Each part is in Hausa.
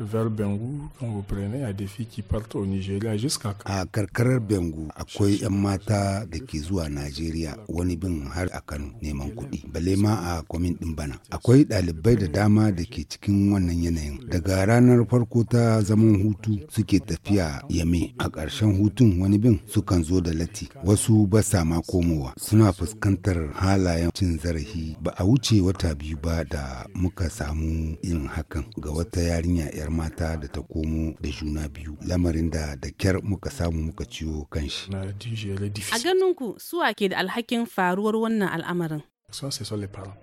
vers Bengu, quand vous prenez, il a des filles qui partent au Nigeria jusqu'à... à karkarar Bengu akwai 'yan mata da ke zuwa Najeriya wani bin har a Kano neman kuɗi, bale ma a kwamin ɗin bana. Akwai ɗalibai da dama da ke cikin wannan yanayin. Daga ranar farko ta zaman hutu suke tafiya Yame a ƙarshen hutun wani bin sukan zo da lati Wasu ba sa ma komowa suna fuskantar halayen cin zarafi ba a wuce wata biyu ba da muka samu yin hakan ga wata yarinya 'yar yar mata da ta komo da juna biyu lamarin da da kyar muka samu muka ciwo kanshi. A ganin ganinku suwa ke da alhakin faruwar wannan al'amarin?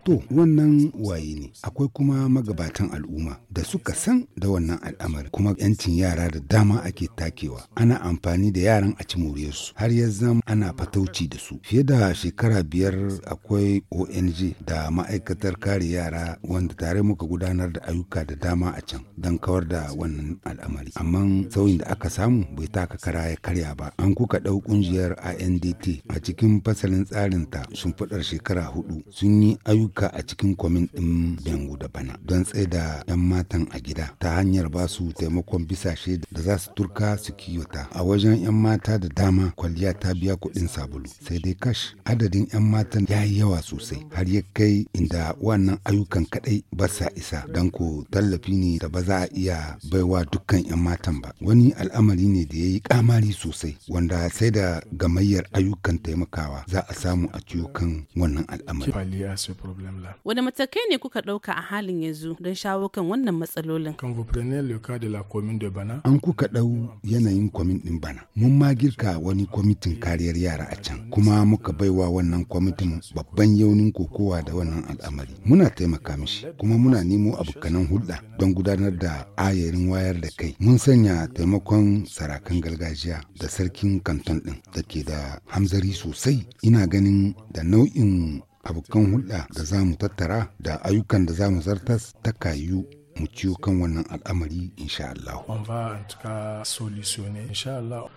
To wannan waye ne akwai kuma magabatan al'umma da suka san da wannan al'amari kuma yancin yara da dama ake takewa ana amfani da yaran a ci su, har ya zama ana fatauci da su fiye da shekara biyar akwai ONG da ma'aikatar kare yara wanda tare muka gudanar da ayyuka da dama a can don kawar da wannan al'amari amma sauyin da aka samu bai taka kara ya karya ba an kuka ɗau kungiyar INDT a cikin fasalin tsarinta faɗar shekara hudu hudu sun yi ayyuka a cikin kwamin ɗin Bengu da Bana don tsaida 'yan matan a gida ta hanyar ba su taimakon bisashe da za su turka su kiyota. A wajen 'yan mata da dama kwalliya ta biya kuɗin sabulu. Sai dai kash adadin 'yan matan ya yi yawa sosai har ya kai inda wannan ayyukan kaɗai ba sa isa don ko tallafi ne da ba za a iya baiwa dukkan 'yan matan ba. Wani al'amari ne da ya yi kamari sosai wanda sai da gamayyar ayyukan taimakawa za a samu a ciwo kan wannan al'amari. ake fali a su problem la. Wani matakai ne kuka ɗauka a halin yanzu don shawo kan wannan matsalolin? Kan vous prenez de la commune de Bana. An kuka ɗau yanayin kwamin ɗin Bana. Mun ma girka wani kwamitin kariyar yara a can kuma muka baiwa wannan kwamitin babban yaunin kokowa da wannan al'amari. Muna taimaka mishi kuma muna nemo abokanan hulɗa don gudanar da ayarin wayar da kai. Mun sanya taimakon sarakan gargajiya da sarkin kanton ɗin da ke da hamzari sosai ina ganin da nau'in abokan hulɗa da za mu tattara da ayyukan da za mu zartas ta kayu mu ciwo kan wannan al'amari insha Allah.